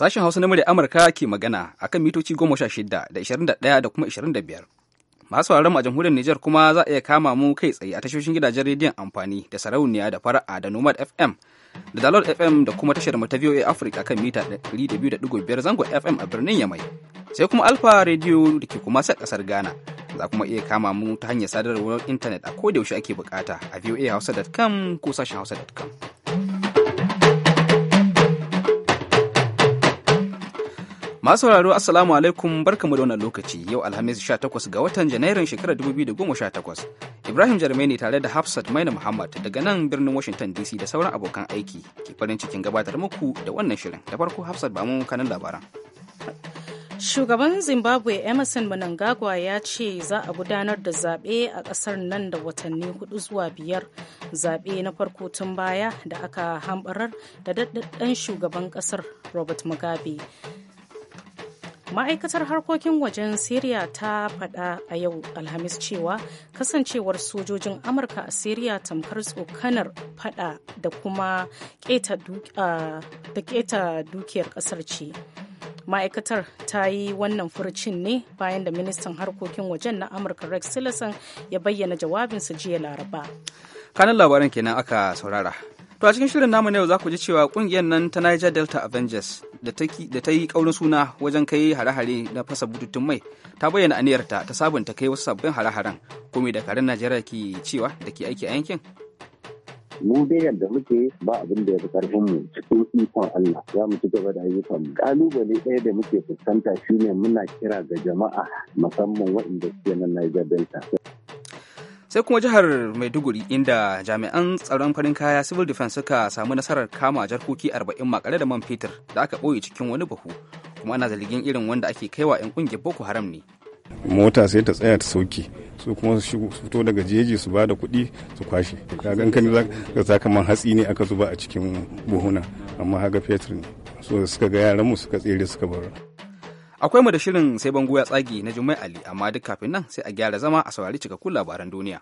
Sashen Hausa na murya Amurka ke magana a kan mitoci goma sha shida da ishirin da ɗaya da kuma ishirin da biyar. Masu mu a jamhuriyar Nijar kuma za a iya kama mu kai tsaye a tashoshin gidajen rediyon amfani da sarauniya da fara'a da Nomad FM da Dalol FM da kuma tashar mu ta VOA Africa kan mita biyar zango FM a birnin Yamai. Sai kuma Alfa Radio da ke kuma sa kasar Ghana. Za kuma iya kama mu ta hanyar sadarwar intanet a ko kodayaushe ake bukata a voahausa.com ko sashen hausa.com. Masu sauraro Assalamu alaikum barkamu da wannan lokaci yau Alhamis 18 ga watan Janairun shekarar 2018. Ibrahim Jarmai ne tare da Hafsat Maina Muhammad daga nan birnin Washington DC da sauran abokan aiki ke farin cikin gabatar muku da wannan shirin. Da farko Hafsat ba mu kanin labaran. Shugaban Zimbabwe Emerson Mnangagwa ya ce za a gudanar da zaɓe a ƙasar nan da watanni hudu zuwa biyar zaɓe na farko tun baya da aka hambarar da daɗaɗɗen shugaban ƙasar Robert Mugabe. ma'aikatar harkokin wajen siriya ta faɗa a yau alhamis cewa kasancewar sojojin amurka a siriya tamkar tsokanar faɗa da kuma keta dukiyar ƙasar ce ma'aikatar ta yi wannan furcin ne bayan da ministan harkokin wajen na amurka rex tillerson ya bayyana jawabinsa jiya laraba kanan labarin kenan aka saurara To a cikin shirin namu yau za ku ji cewa kungiyar nan ta Niger Delta Avengers da ta yi kaurin suna wajen kai hare-hare na fasa bututun mai ta bayyana aniyarta ta sabunta kai wasu sabbin hare-haren kome da karin Najeriya ke cewa da ke aiki a yankin. mu dai yadda muke ba abin da ya fi karfin mu cikin ikon Allah za mu ci gaba da ayyukan kalubale ɗaya da muke fuskanta shine muna kira ga jama'a musamman waɗanda suke nan Niger Delta sai kuma jihar maiduguri inda jami'an tsaron farin kaya civil defense suka samu nasarar kama jarkoki 40 makare da man fetur da aka ɓoye cikin wani buhu kuma ana zargin irin wanda ake kaiwa 'yan kungiyar boko haram ne mota sai ta tsaya ta sauki su kuma su fito daga jeji su ba da kuɗi su kwashe kagan kan za ka kaman hatsi ne aka zuba a cikin buhuna amma haga fetur ne so suka ga yaran mu suka tsere suka bar Akwai mu da shirin sai bango ya na Jummai Ali amma duk kafin nan sai a gyara zama a saurari cikakkun labaran duniya.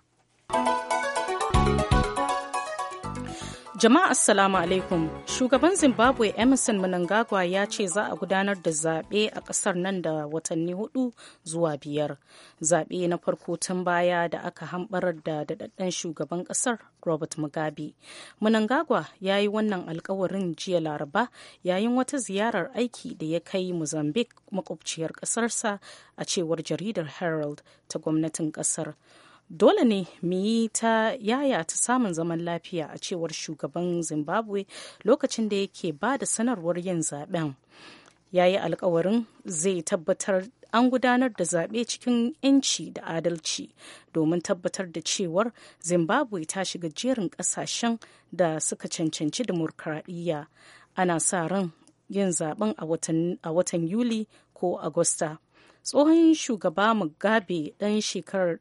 Jama'a Assalamu alaikum. Shugaban Zimbabwe Emerson Mnangagwa ya ce za a gudanar da zaɓe a ƙasar nan da watanni hudu zuwa biyar. Zaɓe na farko tun baya da aka hambarar da daɗaɗɗen shugaban ƙasar Robert Mugabe. Mnangagwa ya yi wannan alkawarin jiya Laraba yayin wata ziyarar aiki da ya kai Mozambique makwabciyar ƙasarsa a cewar jaridar Herald ta gwamnatin ƙasar. dole ne mu yi ta yaya ta samun zaman lafiya a cewar shugaban zimbabwe lokacin da yake ba da sanarwar yin zaben ya yi alkawarin zai tabbatar an gudanar da zaɓe cikin 'yanci da adalci domin tabbatar da cewar zimbabwe ta shiga jerin ƙasashen da suka cancanci dimokuraɗiyya ana sa ran yin zaben a watan yuli ko agusta tsohon shugaba mugabe dan shekarar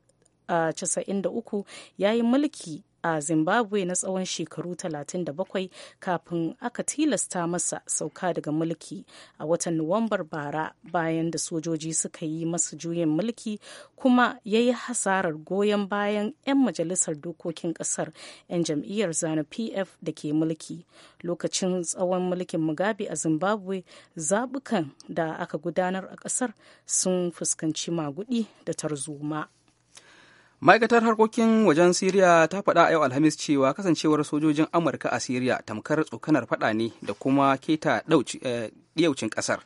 1993 ya yi mulki a zimbabwe na tsawon shekaru 37 kafin aka tilasta masa sauka daga mulki a watan nuwambar bara bayan da sojoji suka yi masa juyin mulki kuma ya yi hasarar goyon bayan 'yan majalisar dokokin kasar 'yan jam'iyyar zanu pf da ke mulki lokacin tsawon mulkin mugabe a zimbabwe zabukan da aka gudanar a kasar sun fuskanci magudi da tarzoma. ma'aikatar harkokin wajen siriya ta faɗa a yau alhamis cewa kasancewar sojojin amurka a siriya tamkar tsokanar faɗa ne da kuma keta eh, ɗiyaucin ƙasar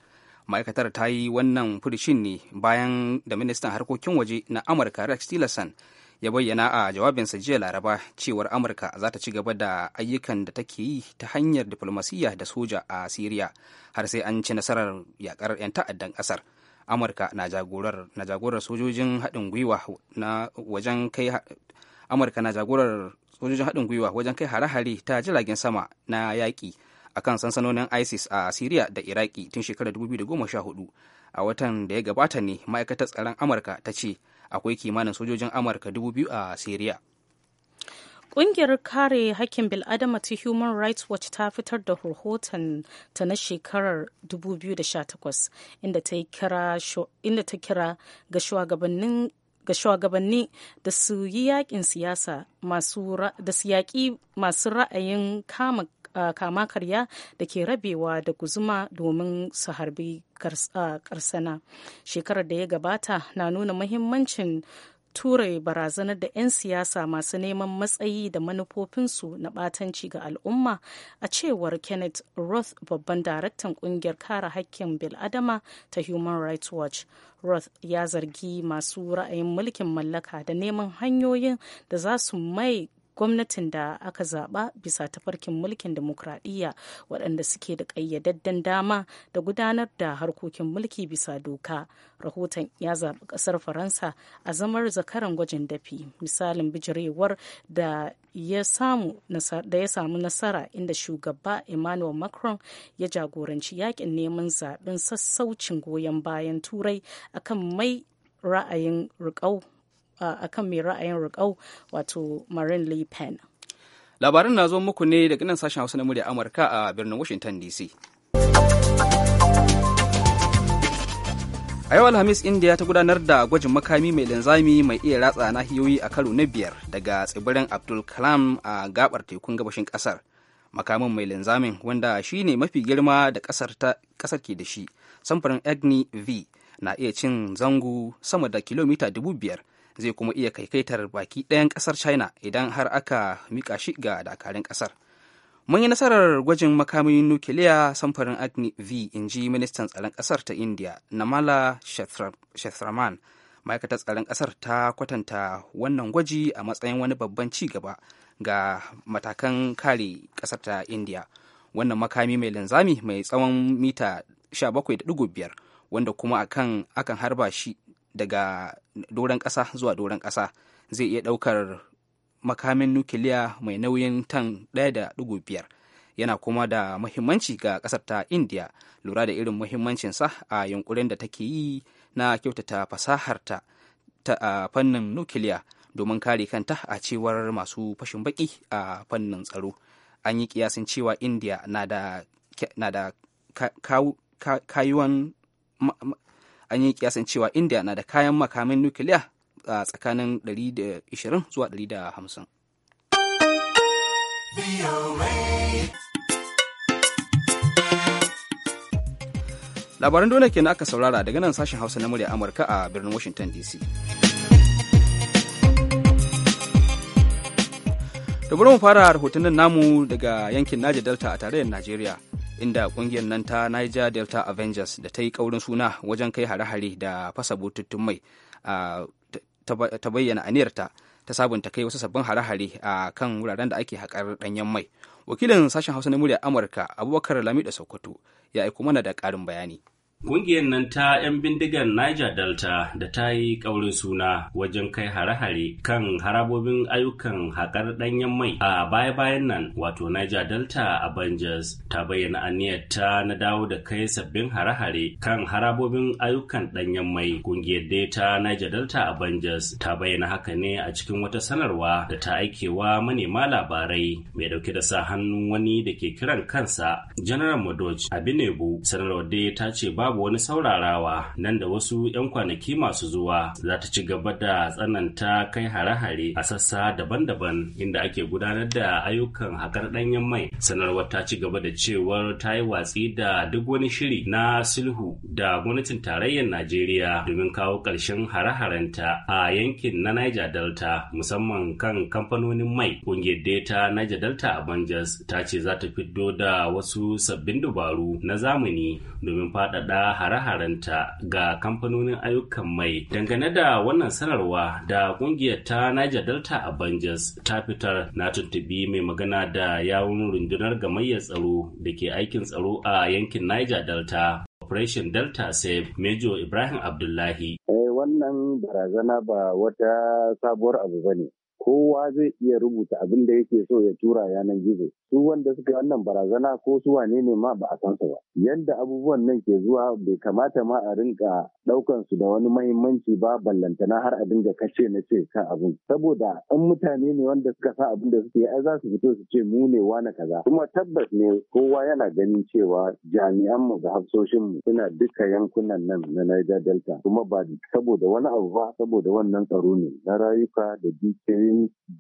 ma'aikatar ta yi wannan furishin ne bayan da ministan harkokin waje na amurka rex tillerson ya bayyana a jawabinsa jiya laraba cewar amurka za ta ci gaba da ayyukan da take yi ta hanyar diflomasiyya da soja a siriya har sai an ci nasarar yakar 'yan ta'addan ƙasar amurka na jagorar na jagorar sojojin haɗin gwiwa na wajen kai amurka na jagorar sojojin haɗin gwiwa wajen kai hare-hare ta jiragen sama na yaƙi akan sansanonin isis a syria da iraki tun shekarar 2014 a watan da ya gabata ne ma'aikatar tsaron amurka ta ce akwai kimanin sojojin amurka 2000 a syria Ƙungiyar kare hakkin bil'adama ta Human Rights Watch ta fitar da rahoton ta na shekarar 2018 inda ta kira ga shugabanni da su yi yakin siyasa da su yaƙi masu ra'ayin kama kama karya da ke rabewa da guzuma domin su harbi karsana shekarar da ya gabata na nuna muhimmancin turai barazanar da 'yan siyasa masu neman matsayi da manufofinsu na ɓatanci ga al'umma a cewar kenneth roth babban daraktan ƙungiyar kare hakkin adama ta human rights watch roth ya zargi masu ra'ayin mulkin mallaka da neman hanyoyin da za su mai gwamnatin da aka zaba bisa tafarkin mulkin demokradiyya waɗanda suke da ƙayyadadden dama da gudanar da harkokin mulki bisa doka rahoton ya zaɓi ƙasar faransa a zamar zakaran gwajin dafi misalin bijirewar da ya samu nasara inda shugaba emmanuel macron ya jagoranci yakin neman zaɓen sassaucin goyon bayan turai akan mai ra'ayin rika'u. a kan mai ra'ayin rikau wato Marine Le Pen. Labarin na zo muku ne daga nan sashen Hausa na murya Amurka a birnin Washington DC. A yau Alhamis India ta gudanar da gwajin makami mai linzami mai iya ratsa nahiyoyi a karo na biyar daga tsibirin Abdul Kalam a gabar tekun gabashin kasar. Makamin mai linzamin wanda shi ne mafi girma da kasar, kasar ke da shi, samfurin Agni V na iya cin zango sama da kilomita dubu biyar zai kuma iya kaikaitar baki ɗayan ƙasar china idan har aka mika shi ga dakarun ƙasar mun yi nasarar gwajin makamin nukiliya samfurin agni v in ji ministan tsaron ƙasar ta india namala shethraman ma'aikatar tsaron ƙasar ta kwatanta wannan gwaji a matsayin wani babban ci gaba ga matakan kare ƙasar ta india wannan makami mai linzami mai tsawon mita 17.5 wanda kuma akan akan harba shi daga doron ƙasa zuwa doron ƙasa zai iya ɗaukar makamin nukiliya mai nauyin tan 1.5 yana kuma da muhimmanci ga ƙasar ta indiya lura da irin muhimmancinsa a yunkurin da take yi na kyautata fasaharta ta a fannin nukiliya domin kare kanta a cewar masu fashin baki a fannin tsaro an yi kiyasin cewa indiya na da kayuwan an yi kiyasan cewa india na da kayan makamin nukiliya a tsakanin 120 zuwa 150 labaran dole na aka saurara daga nan sashen hausa na murya amurka a birnin washington dc da mu fara rahoton namu daga yankin Niger Delta a tarayyar Najeriya. inda kungiyar nan ta niger delta avengers da ta yi kaurin suna wajen kai hare-hare da fasa bututun mai ta bayyana aniyarta ta sabunta kai wasu sabbin hare-hare a kan wuraren da ake haƙar ɗanyen mai wakilin sashen hausa na murya amurka abubakar lami da sokoto ya aiko mana da ƙarin bayani Ƙungiyar nan ta 'yan bindigar Niger Delta da ta yi ƙaurin suna wajen kai hare-hare kan harabobin ayyukan haƙar ɗanyen mai a baya-bayan nan wato Niger Delta a Avengers ta bayyana aniyar ta na dawo da kai sabbin hare-hare kan harabobin ayyukan ɗanyen mai. Ƙungiyar dai ta Niger Delta Avengers ta bayyana haka ne a cikin wata sanarwa da ta aikewa manema labarai mai ɗauke da sa hannun wani da ke kiran kansa General Modoj Abinebu sanarwar dai ta ce babu babu wani saurarawa nan da wasu 'yan kwanaki masu zuwa za ta ci gaba da tsananta kai hare-hare a sassa daban-daban inda ake gudanar da ayyukan hakar ɗanyen mai sanarwar ta ci gaba da cewar ta yi watsi da duk wani shiri na sulhu da gwamnatin tarayyar najeriya domin kawo ƙarshen hare-harenta a yankin na niger delta musamman kan kamfanonin mai ƙungiyar data niger delta avengers ta ce za ta fiddo da wasu sabbin dabaru na zamani domin faɗaɗa hare-harenta ga kamfanonin ayyukan mai dangane da wannan sanarwa da kungiyar ta niger delta avengers ta fitar na tuntubi mai magana da yawun rundunar gamayyar tsaro da ke aikin tsaro a yankin niger delta operation delta save major ibrahim abdullahi eh, wannan barazana ba wata sabuwar abu ba ne kowa zai iya rubuta abin da yake so ya tura yanar gizo su wanda suka wannan barazana ko su wane ne ma ba a san su ba yadda abubuwan nan ke zuwa bai kamata ma a rinka daukan su da wani mahimmanci ba ballantana har a dinga kace na ce kan abin saboda in mutane ne wanda suka sa abin da suke ai za su fito su ce mu ne na kaza kuma tabbas ne kowa yana ganin cewa jami'an mu da hafsoshin mu suna duka yankunan nan na Niger Delta kuma ba saboda wani abu ba saboda wannan tsaro ne na rayuka da dukiyoyi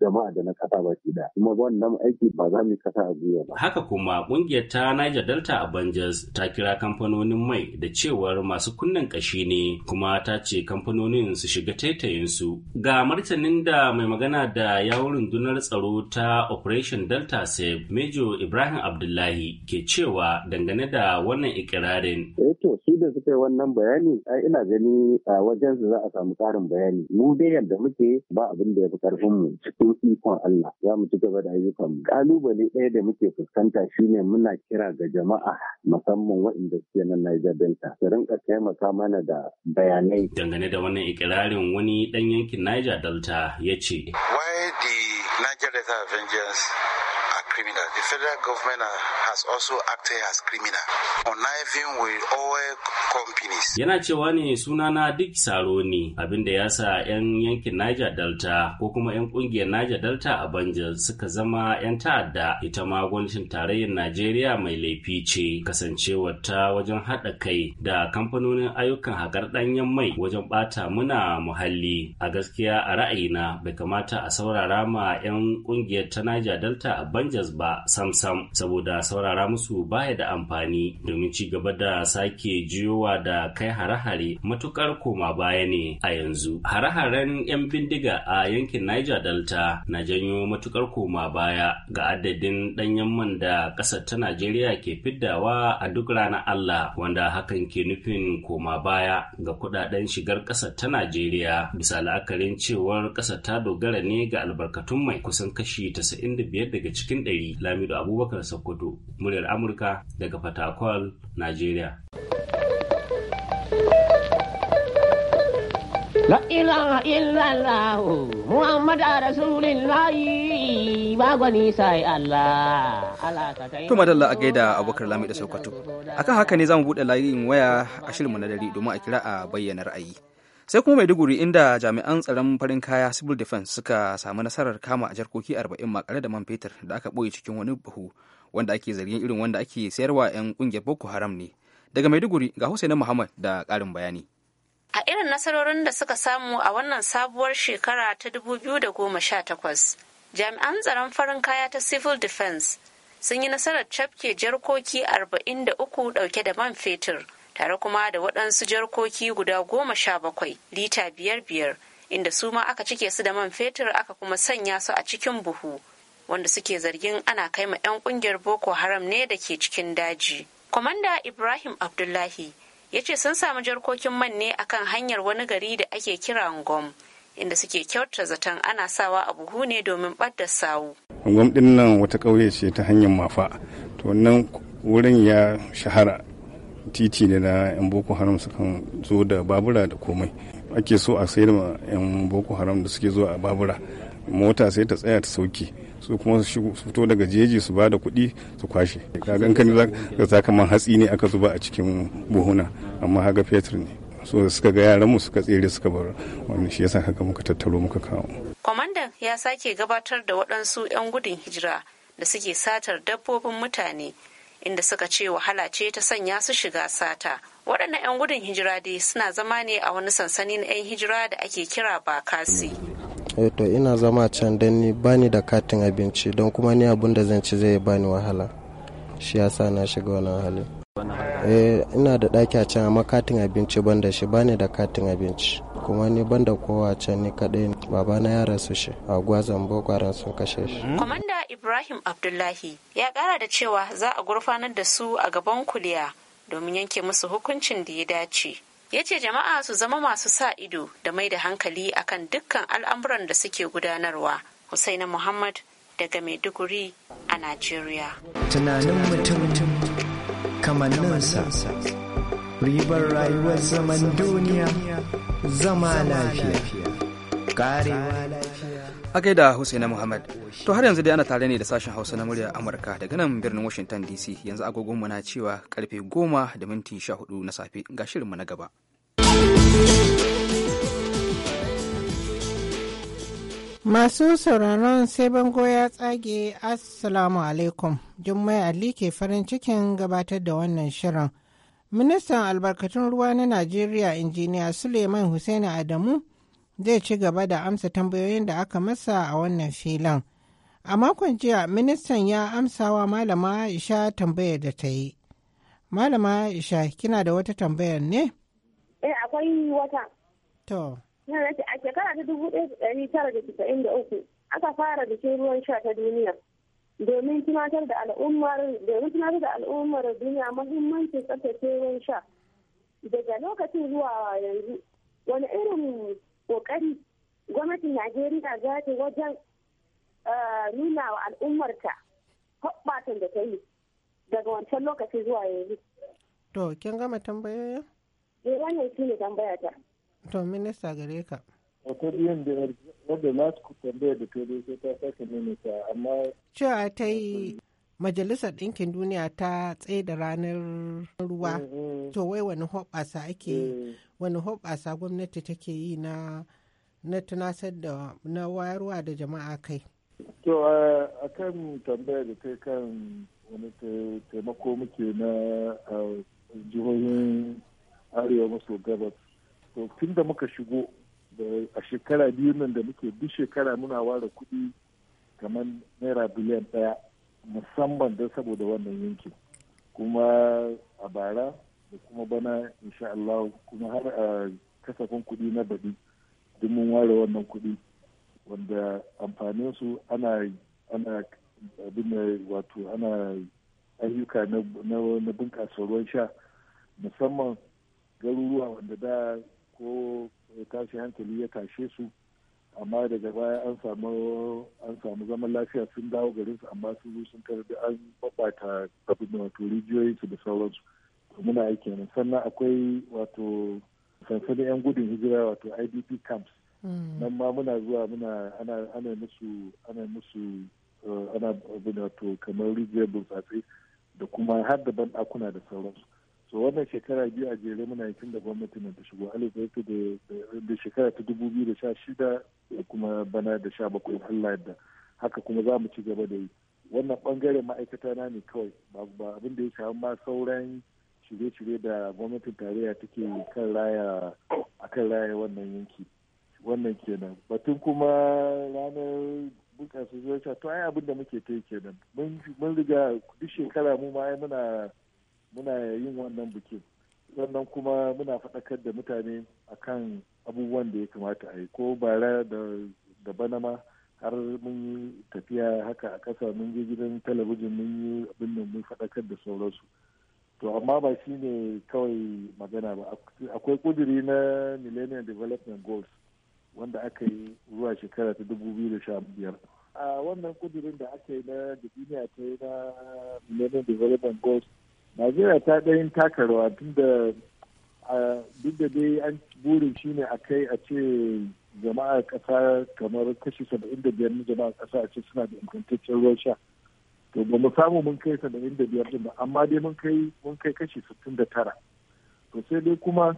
jama'a da na kasa ba da kuma wannan aiki ba za mu kasa a gwiwa ba haka kuma ƙungiyar ta Niger Delta Avengers ta kira kamfanonin mai da cewar masu kunnen kashi ne kuma ta ce kamfanonin su shiga taitayin su ga martanin da mai magana da yawon rundunar tsaro ta Operation Delta Save Major Ibrahim Abdullahi ke cewa dangane da wannan ikirarin eh su da suka yi wannan bayani ai ina gani a wajen su za a samu karin bayani mu dai yadda muke ba abin da ya fi karfin mu cikin ikon Allah za mu ci gaba da ayyukan kalubale ɗaya da muke fuskanta shine muna kira ga jama'a musamman waɗanda suke nan Niger Delta su rinƙa taimaka mana da bayanai dangane da wannan ikirarin wani ɗan yankin Niger Delta ya ce why the Niger Delta Avengers criminal. The federal government has also acted as criminal, conniving with oil companies. Yana cewa ne sunana Dick Saro ne, abinda ya sa 'yan yankin Niger Delta ko kuma 'yan ƙungiyar Niger Delta a banjar suka zama 'yan ta'adda ita ma gwamnatin tarayyar Najeriya mai laifi ce kasancewar ta wajen haɗa kai da kamfanonin ayyukan haƙar ɗanyen mai wajen ɓata muna muhalli. A gaskiya a ra'ayina bai kamata a saurara ma 'yan ƙungiyar ta Niger Delta a Banjul ba sam saboda saurara musu baya da amfani domin ci gaba da sake jiyowa da kai hare-hare matukar koma baya ne a yanzu. Hare-haren 'yan bindiga a yankin Niger Delta na janyo matukar koma baya ga adadin ɗanyen man da ƙasar ta Najeriya ke fiddawa a duk ranar Allah wanda hakan ke nufin koma baya ga kuɗaɗen shigar ƙasar ta Najeriya bisa la'akarin cewar ƙasar ta dogara ne ga albarkatun mai kusan kashi 95 daga cikin ɗari Lamido Abubakar Sokoto, muryar Amurka daga Fatakwal, Najeriya. La ilaha illallah Muhammad Rasulullah ba gwani sai Allah To madalla a gaida Abubakar Lami da Sokoto. Akan haka ne zamu buɗe layin waya a shirin mu na dare domin a kira a bayyana ra'ayi. sai kuma maiduguri inda jami'an tsaron farin kaya civil defense suka samu nasarar kama a jarkoki 40 makare da man fetur da aka ɓoye cikin wani buhu wanda ake zargin irin wanda ake sayarwa 'yan kungiyar boko haram ne daga maiduguri ga hussein muhammad da ƙarin bayani A irin nasarorin da suka samu a wannan sabuwar shekara ta 2018, jami'an tsaron farin kaya ta Civil Defense sun yi nasarar cafke jarkoki 43 dauke da man fetur tare kuma da waɗansu jarkoki guda goma sha bakwai lita biyar biyar inda su ma aka cike su da man fetur aka kuma sanya su a cikin buhu wanda suke zargin ana kai ma 'yan kungiyar boko haram ne da ke cikin daji kwamanda ibrahim abdullahi ya ce sun samu jarkokin man ne akan hanyar wani gari da ake kira ngom inda suke kyauta zaton ana sawa a buhu ne domin ɓadda sawu ngom din nan wata ƙauye ce ta hanyar mafa to wannan wurin ya shahara titi ne na 'yan boko haram sukan zo da babura da komai ake so a sayar ma 'yan boko haram da suke zuwa a babura mota sai ta tsaya ta sauki su kuma su fito daga jeji su ba da kuɗi su kwashe kagan kan da sakaman hatsi ne aka zuba a cikin buhuna amma haga fetur ne so suka ga yaran mu suka tsere suka bar wani shi yasa haka muka tattaro muka kawo kwamandan ya sake gabatar da waɗansu 'yan gudun hijira da suke satar dabbobin mutane inda suka ce wahala ce ta sanya su shiga sata waɗannan 'yan gudun hijira dai suna zama ne a wani sansani na 'yan hijira da ake kira bakasi eh, to ina zama can don ni bani da katin abinci don kuma ni abin da zan ci zai bani wahala shi ya sa na shiga wani hali eh ina da ɗaki a can amma katin abinci ban da shi bani da katin abinci kuma ni banda kowa can ni kadai kaɗai babana ya rasu shi a gwazan boko sun kashe shi. Hmm? Kwamanda Ibrahim Abdullahi ya ƙara da cewa za a gurfanar da su a gaban kuliya domin yanke musu hukuncin da ya dace. ya ce jama'a su zama masu sa ido da mai da hankali akan dukkan al'amuran da suke gudanarwa husaina muhammad daga maiduguri a najeriya tunanin mutum kamanninsa ribar rayuwar zaman duniya zama lafiya karewa lafiya a gaida Husaina Muhammad to har yanzu dai ana tare ne da sashen Hausa na murya Amurka daga nan birnin Washington DC yanzu agogon mu na cewa karfe goma da minti sha 14 na safe ga shirin mu na gaba Masu sauraron sai bango ya tsage Assalamu alaikum. Jummai Ali ke farin cikin gabatar da wannan shirin. ministan albarkatun ruwa na najeriya injiniya suleiman hussein adamu zai ci gaba da amsa tambayoyin da aka masa a wannan filin a makon jiya ministan ya amsawa malama isha tambayar da ta yi malama isha kina da wata tambayar ne eh akwai wata to a shekara ta dubu ɗaya da ɗari tara da da uku aka fara bikin ruwan sha ta duniya. domin tunatar da al'ummar domin tunatar da al'ummar duniya muhimmancin tsaftace ruwan sha daga lokacin zuwa yanzu wani irin kokari gwamnatin najeriya za ta wajen eh, nuna wa al'ummarta hoɓɓatan da ta yi daga wancan lokaci zuwa yanzu to kin gama tambayoyin? eh wannan shi ne tambaya ta to minista gare ka wata biyan da wadda na tambaya da sai ta sake amma cewa ta yi majalisar ɗinkin duniya ta tsaye da ranar ruwa mm, mm. to wai wani hoɓasa ake yi eh. wani hoɓasa gwamnati take yi na na tunasar da na wayarwa da jama'a kai to a kan tambaya da kai kan wani taimako muke na jihohin arewa maso gabas to tun da muka shigo da a shekara biyu nan da muke duk shekara muna ware kuɗi kamar naira biliyan ɗaya musamman da saboda wannan yankin kuma a bara da kuma bana insha Allah kuma har a kasafin kuɗi na baɗi duk mun ware wannan kuɗi wanda amfanin su ana ana abin wato ana ayyuka na bunƙasa ruwan sha musamman garuruwa wanda da ko tashi hankali ya tashe su amma daga baya an samu an samu zaman lafiya sun dawo garin su amma sun zo sun karbi da an babbata abin wato rijiyoyi su da sauransu to muna aiki nan sannan akwai wato sansanin yan gudun hijira wato IDP camps hmm. nan ma muna zuwa muna ana ana musu ana musu eh, ana abin wato kamar rijiyar burtsatse da kuma har da ban da sauransu so wannan shekara biyu a jere muna yi da gwamnati na ta shigo alif da shekara ta dubu biyu da sha shida da kuma bana da sha bakwai allah yadda haka kuma za mu ci gaba da yi wannan bangaren ma'aikata na ne kawai ba abin da ya shafi ma sauran shirye-shirye da gwamnatin tarayya take kan raya a kan raya wannan yanki wannan kenan batun kuma ranar bunƙasa zuwa to ai abin da muke ta yi kenan mun riga duk shekara mu ma muna muna yin wannan bikin sannan kuma muna faɗakar da mutane akan abubuwan da ya kamata a yi ko bara da da ma har mun yi tafiya haka a ƙasa mun je gidan talabijin mun yi abin da mun faɗakar da sauransu to amma ba shi ne kawai magana ba akwai ƙuduri na millennium development goals wanda aka yi zuwa shekara ta dubu biyu da sha biyar. a wannan ƙudurin da aka yi na duniya ta yi na millennium development goals najeriya ta ɗayin taka rawa tunda duk da dai an burin shi ne a kai a ce jama'a ƙasa kamar kashi saba'in da biyar na jama'a ƙasa a ce suna da ingantaccen ruwan sha to ba mu samu mun kai saba'in da biyar ɗin ba amma dai mun kai mun kai kashi sittin da tara to sai dai kuma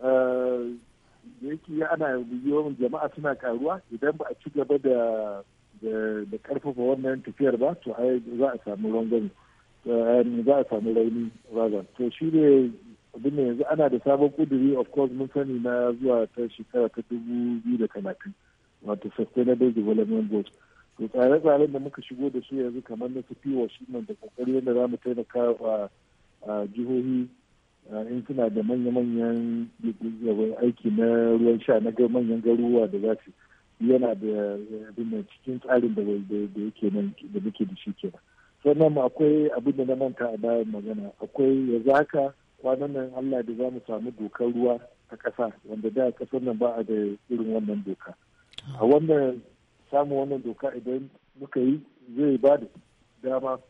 da yake ana yawan jama'a suna karuwa idan ba a ci gaba da da karfafa wannan tafiyar ba to ai za a samu rangwame za a samu raini ragan to shi ne abin da yanzu ana da sabon kuduri of course mun sani na zuwa ta shekara ta dubu biyu da talatin wato sustainable development goals to tsare-tsaren da muka shigo da su yanzu kamar na tafi wa shi da kokari yadda za mu taimaka wa jihohi in suna da manya-manyan aiki na ruwan sha na manyan garuruwa da za su yana da cikin tsarin da yake nan da muke da shi kenan sannan mu akwai abin da na manta a bayan magana akwai ya zaka kwanan nan allah da za mu samu dokar ruwa a ƙasa wanda da ƙasar nan ba a da irin wannan doka a wannan samun wannan doka idan muka yi zai ba da dama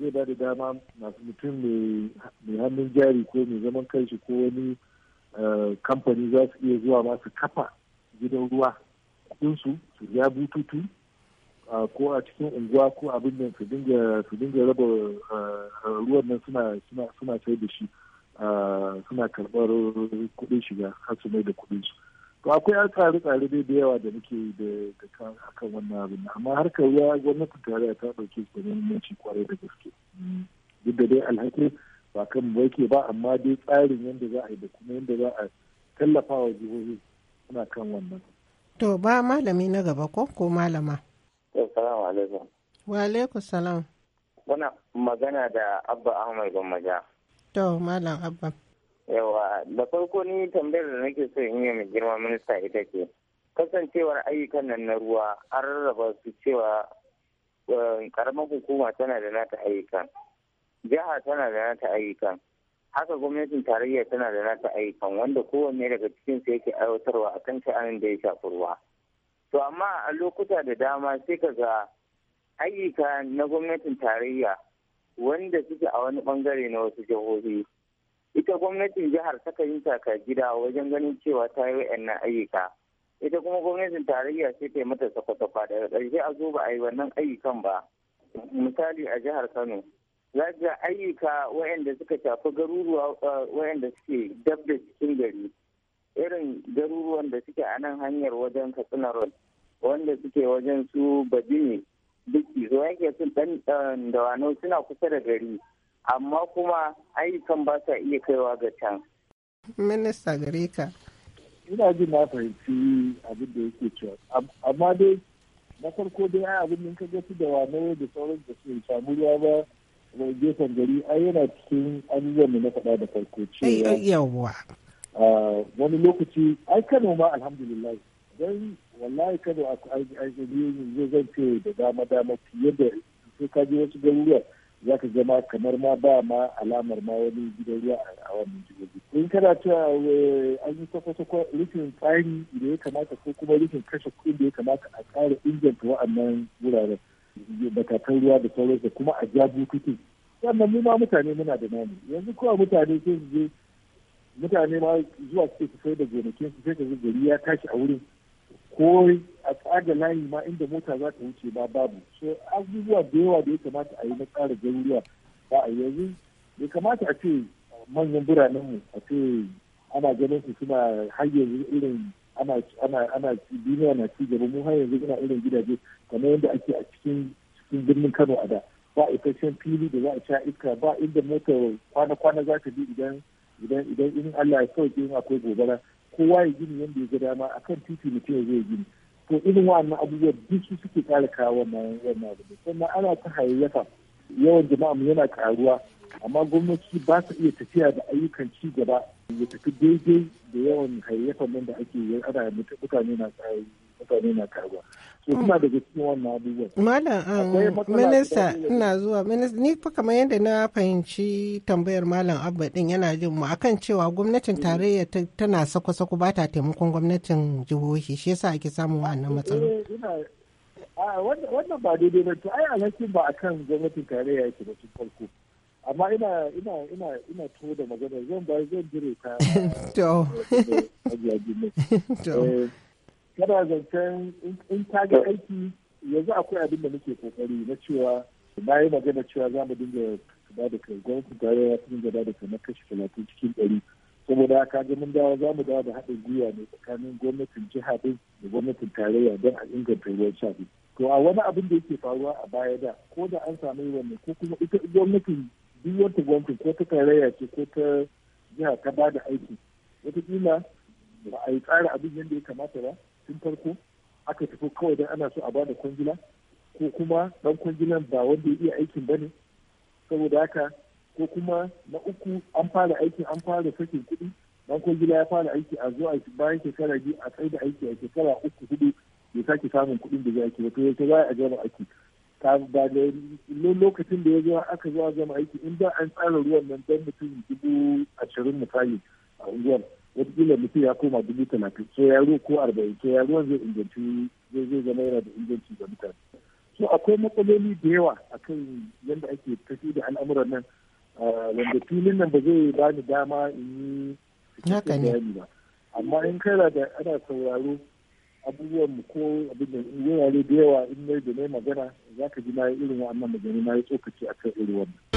zai ba da dama masu mutum mai hannun jari ko mai zaman kanshi ko wani eh, kamfani za su iya zuwa masu kafa gidan ruwa su ya bututu ko a cikin unguwa ko abin da su dinga su dinga raba ruwan nan suna suna suna sai da shi suna karbar kuɗin shiga har su mai da kuɗin su to akwai a tsare tsare dai da yawa da nake da da akan wannan abin amma harkar ruwa gwamnatin tarayya ta dauke su da muhimmanci kwarai da gaske duk da dai alhaki ba kan mu yake ba amma dai tsarin yadda za a yi da kuma yanda za a tallafa wa jihohi suna kan wannan to ba malami na gaba ko ko malama Assalamu alaikum. Wa alaikum salam. Muna magana da Abba Ahmad Gwammaja. To, Malam Abba. Yawa, da farko ni tambayar da nake so in yi mai girma minista ita ce. Kasancewar ayyukan nan na ruwa an rarraba su cewa eh, karamar hukuma tana da nata ayyukan. Jiha tana da nata ayyukan. Haka gwamnatin tarayya tana da nata ayyukan wanda kowanne daga cikin yake aiwatarwa a kan sha'anin da ya shafi ruwa. to amma a lokuta da dama sai ka ga ayyuka na gwamnatin tarayya wanda suke a wani bangare na wasu jihohi ita gwamnatin jihar saka yin taka gida wajen ganin cewa ta yi wa'annan ayyuka ita kuma gwamnatin tarayya sai ta yi mata sakwatakwa daga ƙarshe a zo ba a yi wannan ayyukan ba misali a jihar kano za ga ayyuka wa'anda suka shafi garuruwa wa'anda suke dab da cikin gari irin garuruwan da suke a nan hanyar wajen katsina road wanda suke wajen su badini duki zuwa yake sun dan dawano suna kusa da gari amma kuma ayyukan ba sa iya kaiwa ga can. minista gare ka ina ji na fahimci abin da yake cewa amma dai na farko dai a abin da ga su da wane da sauran da su samu ruwa ba gefen gari ai yana cikin abubuwan da na faɗa da farko cewa wani lokaci ai kano ma alhamdulillah don wallahi kano a zai zance da dama dama fiye da sai ka je wasu garuruwa za ka zama kamar ma ba ma alamar ma wani gidan ruwa a wannan jihohi in kana ta eh, an yi kwakwatakwa rufin tsari da ya kamata ko kuma rufin kashe kuɗin da ya kamata a tsara inganta wa'annan wuraren matakan ruwa da sauransa kuma a ja bututun sannan mu ma mutane muna da nani yanzu kowa mutane sai su je mutane ma zuwa suke su sai da gonakin su sai ka gari ya tashi a wurin ko a tsaga layi ma inda mota za ta wuce ba babu so abubuwa da yawa da ya kamata a yi na tsara garuruwa ba a yanzu ya kamata a ce manyan biranenmu a ce ana ganin su suna har yanzu irin ana ana ana duniya na ci gaba mu har yanzu ina irin gidaje kamar yadda ake a cikin cikin birnin Kano a da ba isasshen fili da za a sha iska ba inda motar kwana-kwana za ta bi idan idan in Allah ya sauke in akwai gobara kowa ya gini yadda ya ga dama akan titi mutum ya zai gini to irin wa'annan abubuwan duk su suke kara kawo wannan wannan abu sannan ana ta hayayyafa yawan jama'a mu yana karuwa amma gwamnati ba su iya tafiya da ayyukan ci gaba ya tafi daidai da yawan hayayyafa nan da ake yi ana mutane na tsayi mutane na karuwa su kuma mm. daga cikin wannan abubuwan malam um, minista ina zuwa minista ni fa kamar yadda na fahimci tambayar malam abba din yana jin mu akan cewa gwamnatin mm. tarayya tana sako-sako ba ta taimakon gwamnatin jihohi shi yasa ake samun wannan matsaloli eh, wannan ba daidai ba to ai alhakin ba akan gwamnatin tarayya yake da tun farko amma ina ina ina ina to da magana zan ba zan jire ta to yana zancen in ta ga aiki yanzu akwai abin da muke kokari na cewa na yi magana cewa za mu dinga ba da kai gwamnatin tarayya ta dinga ba da kai na kashi talatin cikin ɗari saboda haka ga mun dawo za mu dawo da haɗin gwiwa ne tsakanin gwamnatin jiha din da gwamnatin tarayya don a inganta ruwan sha to a wani abin da yake faruwa a baya da ko da an samu wannan ko kuma ita gwamnatin duk wata gwamnatin ko ta tarayya ce ko ta jiha ta ba da aiki wataƙila ba a yi tsara abin yadda ya kamata ba tun farko aka tafi kawai don ana so a bada kwangila ko kuma dan kwangilan ba wanda ya iya aikin bane saboda haka ko kuma na uku an fara aikin an fara sakin kuɗi dan kwangila ya fara aiki a zo a bayan shekara biyu a tsaye da aiki a shekara uku hudu ya sake samun kuɗin da zai ba to yake za a gama aiki ta ba da lokacin da ya zo aka zo a gama aiki in da an tsara ruwan nan dan mutum dubu ashirin misali a unguwar wataƙila mutum ya koma dubu talatin so ya ruwa ko arba'in so ya ruwa zai inganci zai zai zama yana da inganci ga mutane so akwai matsaloli da yawa akan yadda ake tafi da al'amuran nan ah, wanda filin nan ba zai ba ni dama in yi bayani ba amma in kai da ana sauraro abubuwan mu ko abin da wurare da yawa in da na magana za ka ji na irin wa'annan magani na yi tsokaci akan irin wannan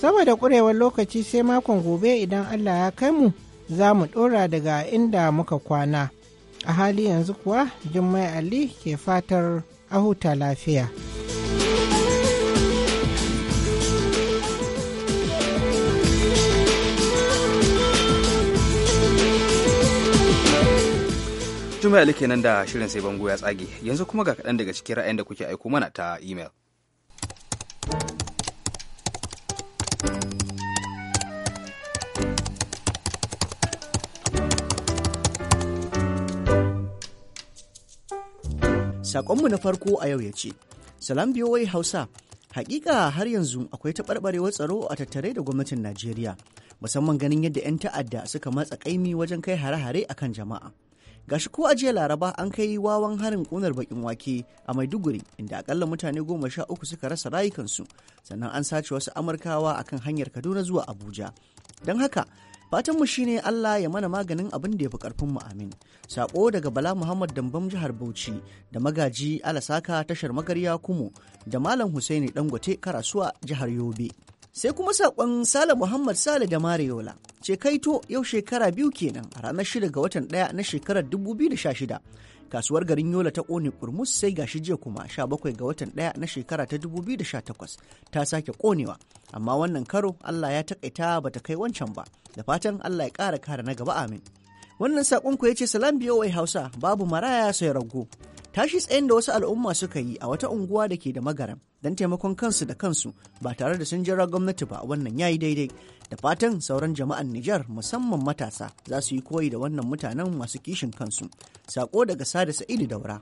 saboda kurewar lokaci sai makon gobe idan allah ya kai mu za mu ɗora daga inda muka kwana a hali yanzu kuwa jummai ali ke fatar a huta lafiya. ali kenan da shirin sai bango ya tsage yanzu kuma ga kaɗan daga cikin ra'ayin da kuke aiko mana ta imel. Sakonmu na farko a yau ya ce, Salam biyo wai Hausa, hakika har yanzu akwai taɓarɓarewar tsaro a tattare da gwamnatin Najeriya, musamman ganin yadda 'yan ta'adda suka matsa ƙaimi wajen kai hare-hare a kan jama'a. Gashi ko a jiya Laraba an kai wawan harin ƙunar bakin wake a Maiduguri inda akalla mutane goma sha uku suka rasa rayukansu sannan an sace wasu Amurkawa akan hanyar Kaduna zuwa Abuja. Don haka Fatanmu shine Allah ya mana maganin abin da ya fi karfin mu amin. Sako daga Bala Muhammad Dambam jihar Bauchi da magaji Alasaka tashar magarya Kumu da Malam Husaini Dangote Karasuwa jihar Yobe. Sai kuma sakon Sale Muhammad Sale da Mariola. Ce kaito yau shekara biyu kenan a ranar shida ga watan ɗaya na shekarar 2016 kasuwar garin yola ta kone kurmus sai gashi jiya kuma 17 ga watan ɗaya na shekara ta 2018 ta sake konewa amma wannan karo allah ya takaita bata kai wancan ba da fatan allah ya kara kare na gaba amin wannan saƙon ku ya ce salam biyo wai hausa babu maraya sai rago tashi tsayin da wasu al'umma suka yi a wata unguwa da ke da magaram don taimakon kansu da kansu ba tare da sun jira gwamnati ba wannan yayi daidai da fatan sauran jama'an Nijar musamman matasa za su yi koyi da wannan mutanen masu kishin kansu. Sako daga Sada Sa'idu Daura.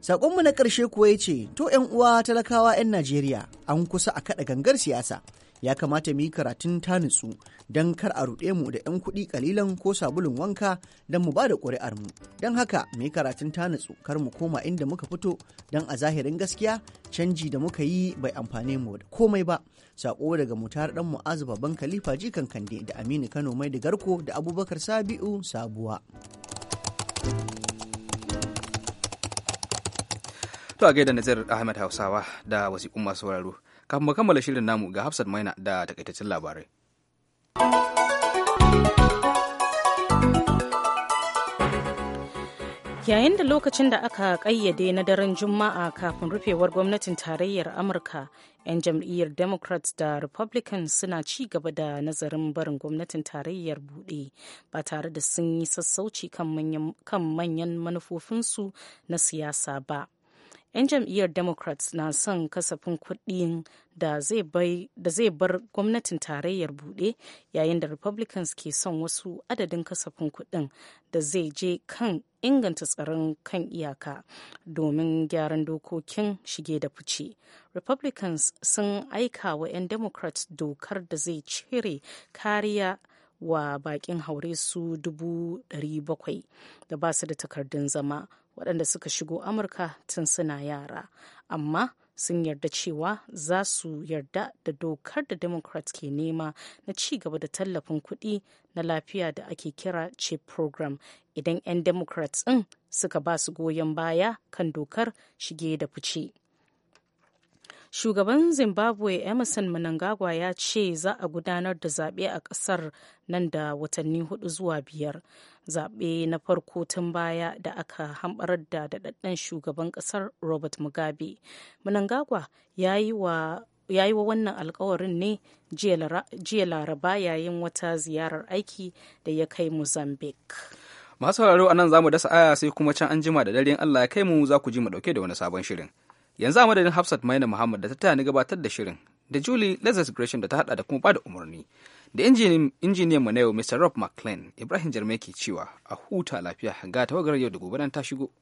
Sakonmu na ƙarshe kuwa ya ce, To ‘yan uwa talakawa ‘yan Najeriya an kusa a kaɗa gangar siyasa, ya kamata mu yi karatun ta nutsu don kar a ruɗe mu da 'yan kuɗi kalilan ko sabulun wanka don mu ba da ƙuri'ar mu don haka mu yi karatun ta nutsu kar mu koma inda muka fito don a zahirin gaskiya canji da muka yi bai amfane mu da komai ba sako daga mutar dan mu'azu babban kalifa jikan kande da aminu kano mai da garko da abubakar sabi'u sabuwa to a gaida nazar ahmed hausawa da wasiƙun masu sauraro kafin mu kammala shirin namu ga Hafsat Maina da takaitaccen labarai. Yayin da lokacin da aka ƙayyade na daren Juma'a kafin rufewar gwamnatin tarayyar Amurka, 'yan jam'iyyar Democrats da Republicans suna ci gaba da nazarin barin gwamnatin tarayyar buɗe ba tare da sun yi sassauci kan manyan manufofinsu na siyasa ba. 'yan jam'iyyar democrats na son kasafin kuɗin da zai bar gwamnatin tarayyar buɗe yayin da republicans ke son wasu adadin kasafin kuɗin da zai je kan inganta tsaron kan iyaka domin gyaran dokokin shige da fice republicans sun aika wa 'yan democrats dokar da zai cire kariya wa bakin haure su dubu da ba su da takardun zama waɗanda suka shigo amurka tun suna yara amma sun yarda cewa za su yarda da dokar da democrat ke nema na ci gaba da tallafin kuɗi na lafiya da ake kira chip program idan 'yan democrats ɗin suka ba su goyon baya kan dokar shige da fice shugaban zimbabwe emerson mnangagwa ya ce za a gudanar da zaɓe a ƙasar nan da watanni hudu zuwa biyar zaɓe na farko tun baya da aka hambar da daɗaɗɗen shugaban ƙasar robert mugabe mnangagwa ya yi wa ya yi wa wannan alkawarin ne jiya laraba yayin wata ziyarar aiki da ya kai mozambique masu sauraro a nan za mu dasa aya sai kuma can an jima da daren allah ya kai mu za ku ji mu dauke da wani sabon shirin yanzu a madadin hafsat maina muhammad da ta taya ni gabatar da shirin da julie lazarus gresham da ta hada da kuma bada umarni da injiniyan mu na yau mr rob mclean ibrahim jarmai ke cewa a huta lafiya ga tawagar yau da gobe nan ta shigo